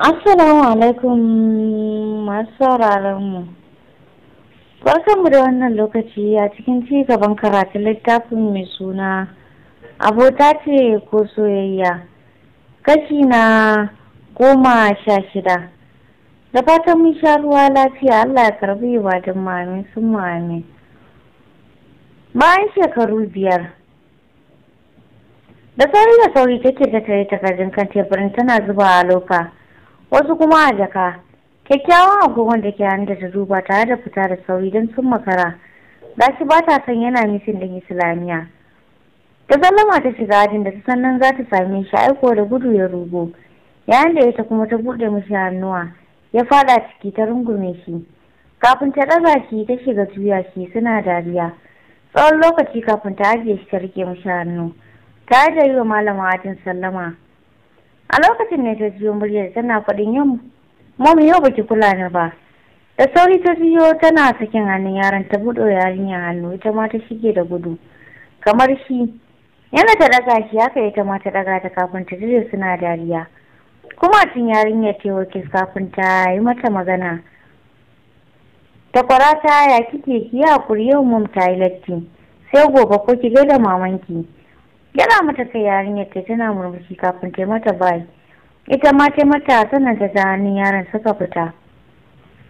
Assalamu alaikum masu sauraron mu. Barkanmu da wannan lokaci a cikin ci gaban karatu, littafin mai suna abota ce ko soyayya kashi na goma sha shida. Da fatan mun sha ruwa lafiya Allah ya karbi ibadun mami sun mami. Bayan shekaru biyar. Da sauri da sauri take da tare takardun kan teburin tana zuba a loka. wasu kuma a jaka kyakkyawan agogon da ke da ta duba tare da fita da sauri don sun makara gashi ba ta san yana misin da islamiyya ta zallama ta shiga ajin da ta sannan za ta same shi aiko da gudu ya rugo yayin da ita kuma ta buɗe mishi hannuwa ya fada ciki ta rungume shi kafin ta ɗaga shi ta shiga juya shi suna dariya tsawon lokaci kafin ta ajiye shi ta rike mishi hannu ta da yi wa malama ajin sallama a lokacin ne ta jiyo muryar tana faɗin yamma mom yau baki kula ni ba da sauri ta jiyo tana sakin hannun yaron ta buɗe yarinyar hannu ita ma ta shige da gudu kamar shi yana ta ɗaga shi haka ita ma ta ɗaga ta kafin ta jire suna dariya kuma tun yarinyar tewakis kafin ta yi mata magana ta ta ya kike ki hakuri yau mum ta yi latti sai gobe ko ki gaida mamanki gyara mata kai yarinyar ta tana murmushi kafin ta mata bayi ita ma ta mata sannan ta hannun yaron suka fita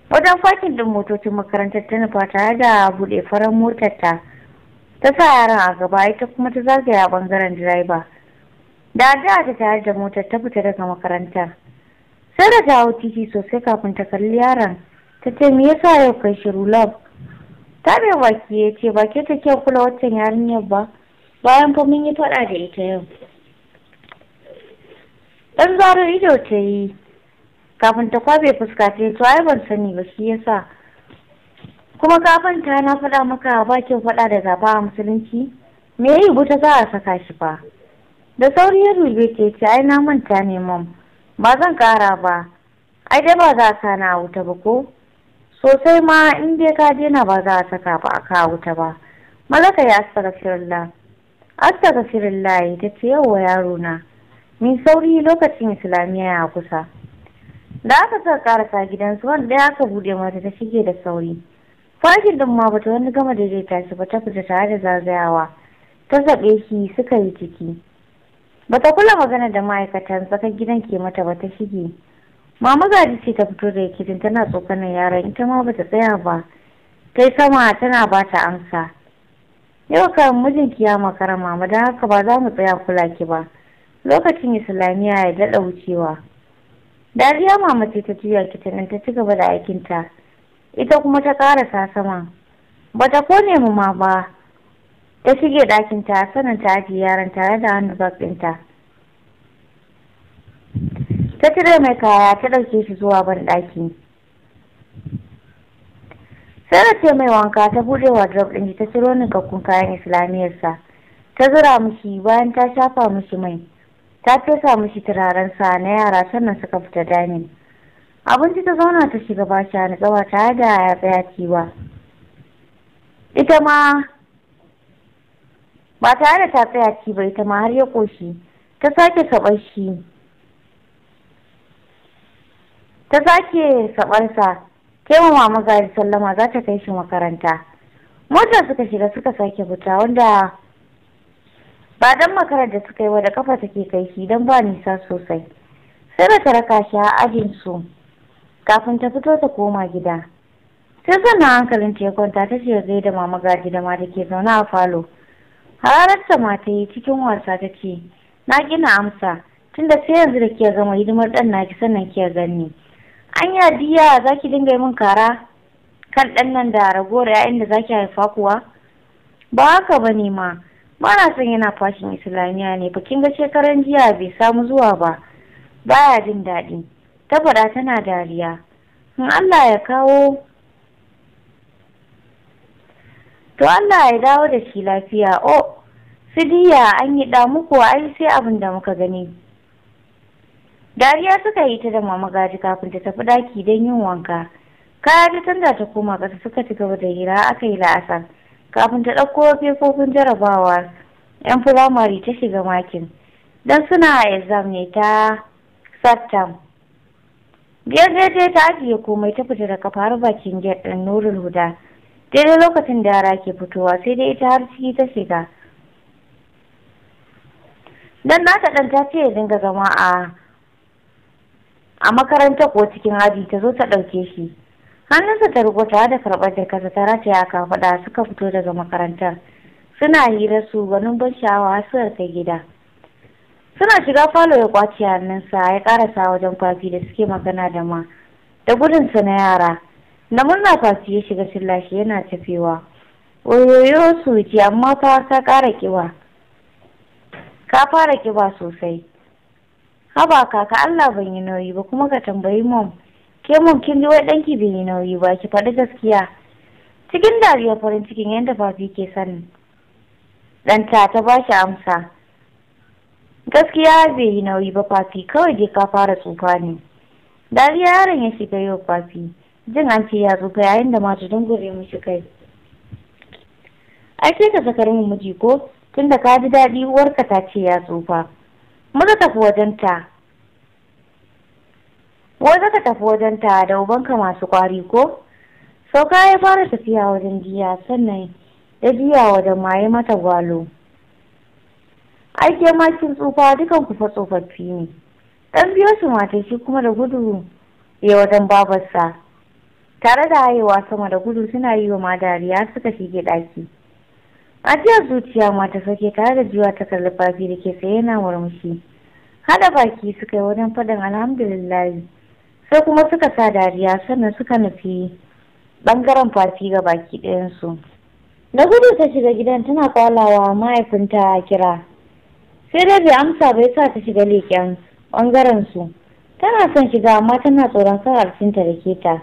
wajen fakin din motocin makarantar ta nufa tare da buɗe farar motar ta ta sa yaron a gaba ita kuma ta zagaya bangaren direba da da ta tare da motar ta fita daga makarantar sai da ta hau titi sosai kafin ta kalli yaron ta ce me yasa yau kai shiru lab ta bai baki ya ce ba ke ta kyau kula waccan yarinyar ba bayan fa mun yi faɗa da ita yau ɗan zaro ido ta yi kafin ta kwabe fuska ta yi to ai ban sani ba shi yasa kuma kafin ta na faɗa maka ba kin faɗa da gaba a musulunci me yi buta za a saka shi ba? da sauri ya rube ke ce ai na manta ne mam ba zan ƙara ba ai dai ba za a sa na wuta ba ko sosai ma in dai ka daina ba za a saka ba a kawo wuta ba malaka ya shirin layi ta ce yawa yaro na min sauri lokacin islamiyya ya kusa da aka sa karasa gidansu wanda ɗaya aka bude mata ta shige da sauri fashin din ma bata wani gama zai shi ba ta fita tare da zagayawa ta zaɓe shi suka yi ciki bata kula magana da ma'aikatan tsakar gidan ke mata ba ta shige mama gadi ce ta fito da yakitin tana tsokanar yaran ita ma bata tsaya ba kai sama tana bata amsa yau kan mijinki ya makara mama don haka ba za mu tsaya kula ki ba lokacin islamiyya ya daɗa wucewa dariya mama ce ta juya kitanin ta ci gaba da ta ita kuma ta ƙara sama ba ta kone mu ma ba ta shige ɗakinta sanin ta ajiye yaran tare da hannu ɗinta ta cire mai kaya ta ɗauke shi zuwa ban ɗaki Sarah ce mai wanka ta buɗe wardrobe ɗin ta ciro gakkun kayan islamiyarsa. Ta zura mishi bayan ta shafa mishi mai. Ta fesa mishi turaren sa na yara sannan suka fita dani Abinci ta zauna ta shiga shi na tsawa tare da ya tsaya ciwa. Ita ma ba tare da ta tsaya ci ba ita ma har ya ƙoshi. Ta sake saɓar shi. Ta sake saɓarsa sai mu mamu sallama za ta kai shi makaranta mota suka shiga suka sake fita wanda ba dan makaranta suka yi wa da kafa take kai shi dan ba nisa sosai sai da ta raka shi a ajin su kafin ta fito ta koma gida sai sannan hankalin ta ya kwanta ta ce gai da mama gaji da ma take zaune a falo hararta ma ta yi cikin wasa ta ce na gina amsa tunda sai yanzu da ke gama hidimar dan ki sannan ke gani anya diya za ki dinga min kara kan ɗan nan da ragowar 'ya'yan da za ki haifa kuwa ba haka ba ne ma ba na son yana fashin islamiyya ne ba kin ga shekaran jiya bai samu zuwa ba baya jin daɗi ta faɗa tana dariya in allah ya kawo to allah ya dawo da shi lafiya o oh, su diya an yi ɗamu kuwa ai sai abin da muka gani dariya suka yi ta da mama gaji kafin ta tafi daki don yin wanka kaya ta canza ta koma ƙasa suka ci gaba da hira aka yi la'asar kafin ta ɗauko fefofin jarabawa yan firamare ta shiga makin don suna a exam ne ta sattam biyar daidai ta ajiye komai ta fita da kafa har bakin gate ɗin nurul huda daidai lokacin da yara ke fitowa sai dai ita har ciki ta shiga dan nata ɗan ta ce ya dinga zama a a makaranta ko cikin aji ta zo ta ɗauke shi hannunsa ta rubuta tare da karɓar kasa ta rataya a kafaɗa suka fito daga makarantar suna hira su ganin ban sha'awa suka kai gida suna shiga falo ya kwace hannunsa ya karasa wajen kwafi da suke magana da ma da gudunsa na yara na murna kwafi ya shiga shillashi yana tafewa oyoyo su ji amma fa ka ƙara ka fara ƙiba sosai haba kaka Allah ban yi nauyi ba kuma ka tambayi mom ke mom kin ji wai danki bai yi nauyi ba ki faɗi gaskiya cikin dariya farin cikin yadda fafi ke sani ɗanta ta ba shi amsa gaskiya bai yi nauyi ba fafi kawai dai ka fara tsufa ne dariya yaron ya shiga yau fafi jin an ce ya tsufa yayin da mata dungure mushi kai ai ka zakar mu miji ko tunda ka ji daɗi uwarka ta ce ya tsufa fi tafi ta wai zaka tafi wajenta da ubanka masu kwari ko sauka ya fara tafiya wajen jiya sannan ya jiya wajen maye mata gwalo aike makin tsufa dukan kufa tsofaffi ne ɗan biyo su mata shi kuma da gudu ya wajen babarsa tare da hayewa sama da gudu suna yi wa madariya suka shige ɗaki. ajiyar zuciya mata ta sauke tare da jiwa ta kalli fafi da ke tsaye yana murmushi Hada baki suka yi wajen faɗin alhamdulillahi sai kuma suka sa dariya sannan suka nufi bangaren fati ga baki ɗayansu na gudu ta shiga gidan tana kwalawa mahaifinta kira sai dai bai amsa bai sa ta shiga leƙen bangaren su tana son shiga amma tana tsoron kar harfinta da keta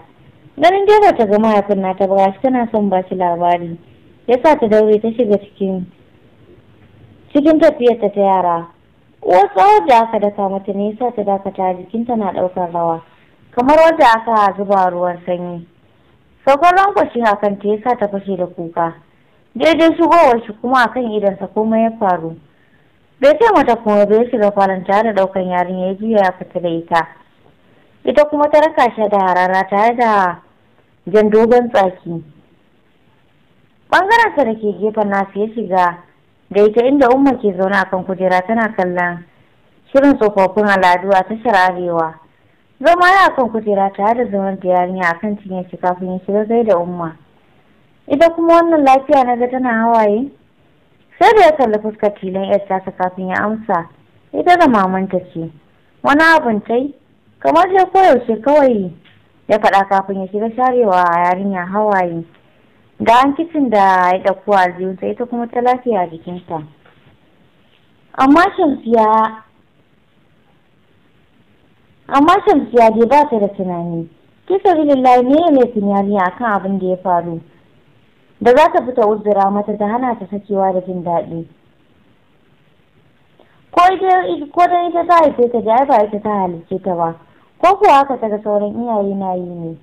ganin dai ta ga mahaifin nata ta tana son ba shi labari ya sa ta daure ta shiga cikin cikin tafiyarta ta yara uwar tsawon da aka daka mata ne ya sa ta dakata jikinta na ɗaukar rawa kamar wanda aka zuba ruwan sanyi saukar rankwashin a kan ta ya sa ta fashe da kuka daidai shigowar shi kuma akan idansa komai ya faru bai ce mata kuma bai shiga falon tare da ɗaukar yarinya ya juya ya fita da ita ita kuma ta raka shi da harara tare da jan dogon tsaki ɓangarensa da ke gefen nasu ya shiga da ita inda umma ke zaune a kan kujera tana kallon shirin tsofaffin al'adu a tashar arewa zama ya kan kujera tare da zaman da yarinya a kan cinye shi kafin ya shiga zai da umma ita kuma wannan lafiya na ga tana hawaye sai da ya kalli fuskar tilon yar tasa kafin ya amsa ita da mamanta ce wani abin tai kamar dai koyaushe kawai ya faɗa kafin ya shiga sharewa a yarinya hawaye ga hankicin da ya ɗauko a ziyunsa ita kuma ta lafiya a jikinsa amma shamsiya amma shamsiya dai ba ta da tunani kisa lillahi ne ya mai tunani a kan abin da ya faru da za ta fita uzura mata ta hana ta sakewa da jin daɗi ko idan ita ta haife ta da ba ita ta halice ta ba ko kuwa haka ta ga sauran iyaye na yi ne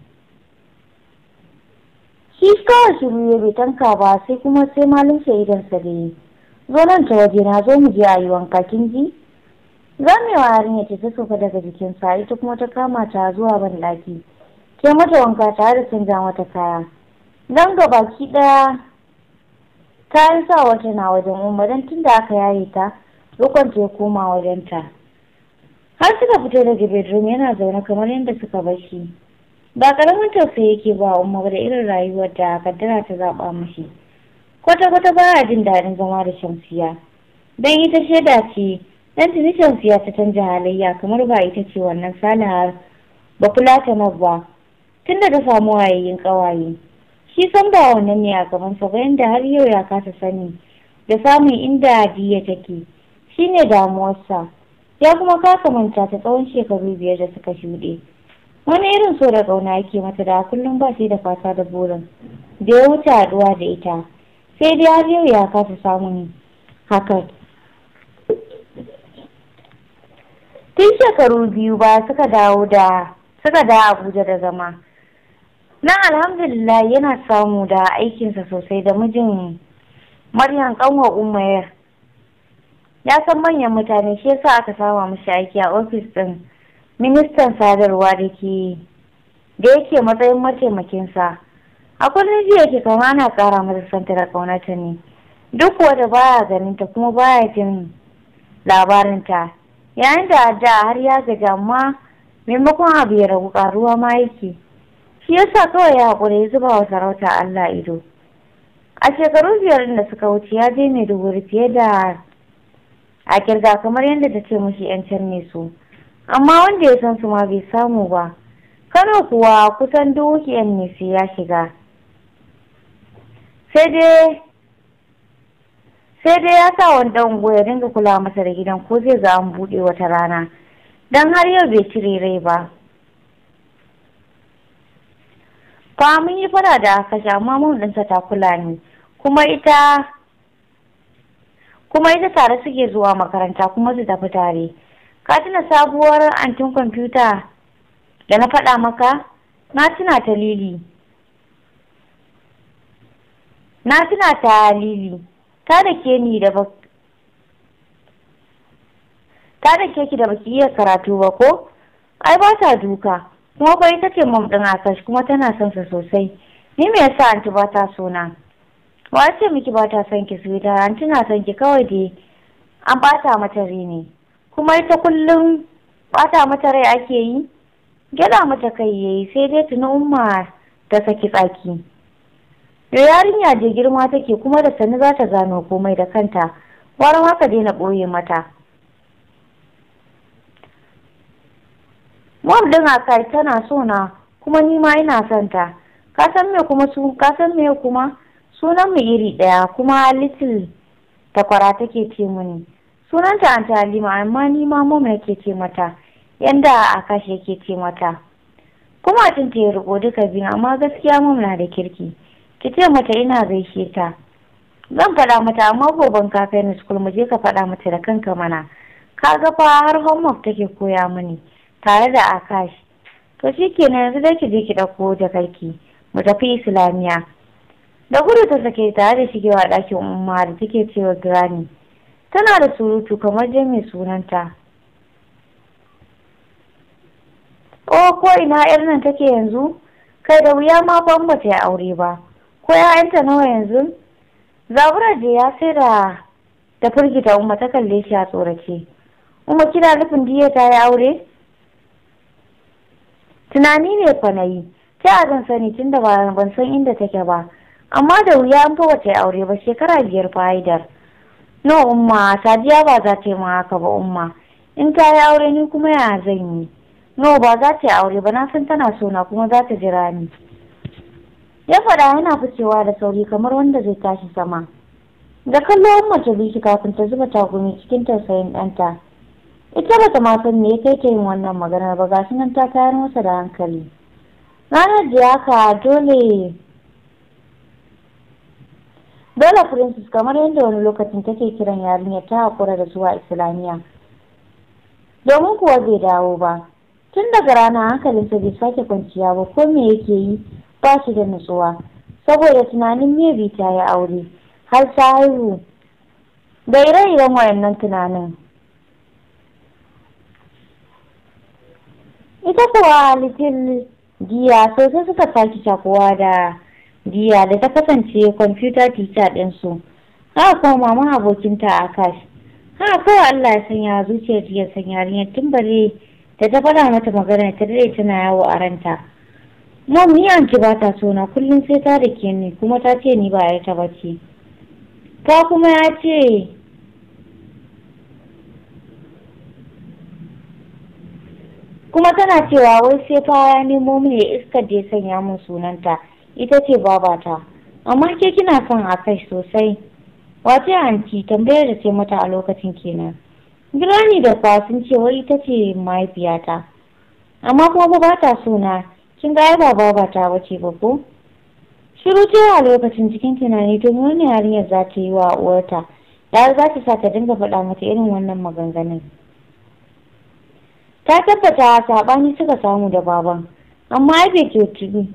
shi kawai shiru ya bai tanka ba sai kuma sai malin shaidan sa da yi zo nan ta waje na zo mu je a yi wanka kin ji zamewa yarinya ce ta sauka daga jikin sa ita kuma ta kama ta zuwa ban daki ke mata wanka ta da canza mata kaya dan ga baki daya kayan sa wata na wajen umma da tunda aka yaye ta ta ya koma wajen ta har suka fito daga bedroom yana zaune kamar yadda suka bar shi ba karamin tausayi yake ba umma umar da irin rayuwar da kaddara ta zaɓa mashi kwata kwata ba a jin daɗin zama da shamsiya dan ita shaida ce dan tuni shamsiya ta canja halayya kamar ba ita ce wannan salihar ba kula ta ba tunda ta samu wayayyin ƙawaye shi san ba wannan ne a gaban sa ba yanda har yau ya kasa sani da samun inda hadiya take shine damuwarsa ya kuma kasa manta ta tsawon shekaru biyar da suka shuɗe. wani irin so da ƙauna yake mata da kullum ba shi da fata da burin da ya wuce haɗuwa da ita sai dai har yau ya kasa samun hakan tun shekaru biyu ba suka dawo da abuja da zama nan alhamdulillah yana samu da aikinsa sosai da mijin maryam kanwa Umar ya san manyan mutane shi yasa aka sama mashi aiki a ofis din ministan sadarwa da ke da yake matsayin mataimakinsa a kullum jiya ke kama ana kara mata santar kaunata ne duk wanda baya ganin ta kuma baya jin labarinta yayin da da har ya gaja amma maimakon abu ya ragu karuwa ma yake shi yasa kawai ya haƙura ya zuba wa sarauta Allah ido a shekaru biyar da suka wuce ya je mai dubu fiye da a kirga kamar yadda ta ce mushi 'yan can su amma wanda ya san su ma bai samu ba kano kuwa kusan dukiyar nisi ya shiga sai dai ya sa wanda dan ya dinga kula masa da gidan ko zai za an buɗe wata rana don har yau bai cire rai ba fa mun yi fara da kashe amma mun ɗinsa ta kula ni kuma ita kuma ita tare suke zuwa makaranta kuma su tafi tare ka tuna sabuwar antin kwamfuta da na faɗa maka na tuna ta lili na tuna ta lili ta da ke ni da ta da ke ki da baki iya karatu ba ko ai ba ta duka kuma bai ita ce mom din akash kuma tana son sa sosai ni me yasa anti ba ta so na wace miki ba ta son ki sweetheart anti na son ki kawai dai an bata mata rini kuma ita kullum bata mata rai ake yi gyada mata kai yayi sai dai tuni umma ta saki tsaki da yarinya je girma take kuma da sani za ta gano komai da kanta warin haka dai na ɓoye mata mom din akai tana so na kuma ni ma ina son ta ka san me kuma su ka san kuma sunan mu iri daya kuma little takwara take ce muni. sunanta an halima amma ni ma mama yake ce mata yanda a kashi yake ce mata kuma tun ta riko duka biyu amma gaskiya mama na da kirki ki ce mata ina gaishe ta zan faɗa mata amma goben ka kai ni school mu je ka faɗa mata da kanka mana ka ga fa har homework take koya mini tare da akash to shikenan yanzu dai ki je ki ɗauko jakarki mu tafi islamiya da gudu ta sake tare da shigewa ɗakin umma da take cewa granny tana da surutu kamar je mai sunanta o ko ina yar nan take yanzu kai da wuya ma ban ba ta aure ba ko ya'yanta nawa yanzu zabura da ya sai da da firgita umma ta kalle shi a tsorace umma kina nufin diya ta yi aure tunani ne fa yi ta a zan sani tun da ban san inda take ba amma da wuya an fa wata aure ba shekara biyar fa'idar no umma sadiya ba za ta yi ma haka ba umma in ta yi aure ni kuma ya zan yi no ba za ta yi aure ba na san tana so na kuma za ta jira ni ya faɗa yana ficewa da sauri kamar wanda zai tashi sama da kallo umma ta bi kafin ta zuba takumi cikin tausayin ɗanta ita bata ma san me kai ta yin wannan maganar ba gashi nan ta tayar masa da hankali ranar da ka dole dole princess kamar yadda wani lokacin take kiran yarinyar ta haƙura da zuwa Islamiya. domin kuwa bai dawo ba tun daga rana hankalinsa bai sake kwanciya ba ko me yake yi ba shi da nutsuwa saboda tunanin me bi ta yi aure har ta haihu da ire-iren wayannan tunanin ita kuwa little giya sosai suka sake shakuwa da diya da ta kasance kwamfuta tica ɗinsu haka kuma mama abokinta a kash haka kawai allah ya sanya zuciyar jiya sanya tun bare da ta faɗa mata magana ta daɗe tana yawo a ranta mom ni an ba ta so kullum sai ta da ke ni kuma ta ce ni ba ya ta bace ta kuma ya ce kuma tana cewa wai sai fa ya nemo mini iskar da ya sanya mun sunanta ita ce babata amma ke kina son a kai sosai wace anti tambayar da ce mata a lokacin kenan Birani da fa sun ce wai ita ce mahaifiyata amma kuma ba ta so na kin ga ai ba babata wace ba ko shiru ce a lokacin cikin tunani domin wani yarinyar za ta yi wa uwarta ya za ta sa ta dinga faɗa mata irin wannan maganganun ta tabbata saɓani suka samu da baban amma ai bai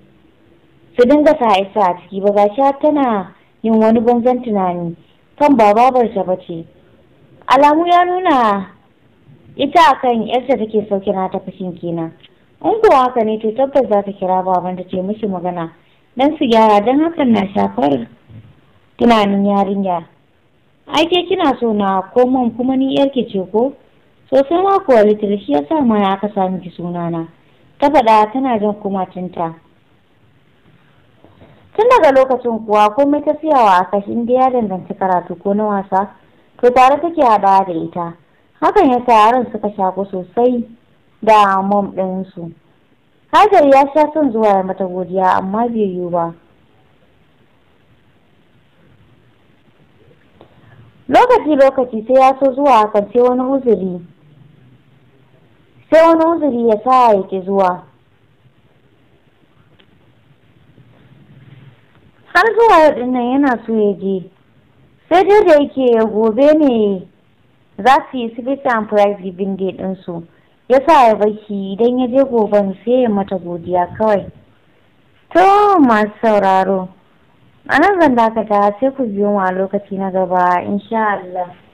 su dinga sa isa a ciki ba gashi tana yin wani banzan tunani kan ba babarta ba ce alamu ya nuna ita a kan yarta take sauke na ta fashin kenan in kuwa haka ne to tabbas za ta kira baban ta ce mishi magana dan su gyara don hakan na shafar tunanin yarinya ke kina so na koman kuma ni yarke ce ko sosai ma kuwa litir shi ya sa mana aka sami ki sunana ta faɗa tana jan tinta tun daga lokacin kuwa komai ta siya a kashin da ya danganci karatu ko na wasa to tare take haɗa da ita hakan ya sa yaran suka shaku sosai da mom ɗinsu hajar ya sha son zuwa ya mata godiya amma bai yiwu ba lokaci lokaci sai ya so zuwa akan sai wani uzuri sai wani uzuri ya sa ya ke zuwa har zuwa yau yana so ya je sai dai da yake gobe ne za su yi split and price giving day ɗinsu ya sa ya baki idan ya je goben sai ya mata godiya kawai to masu sauraro a nan zan dakata sai ku biyo mu a lokaci na gaba insha Allah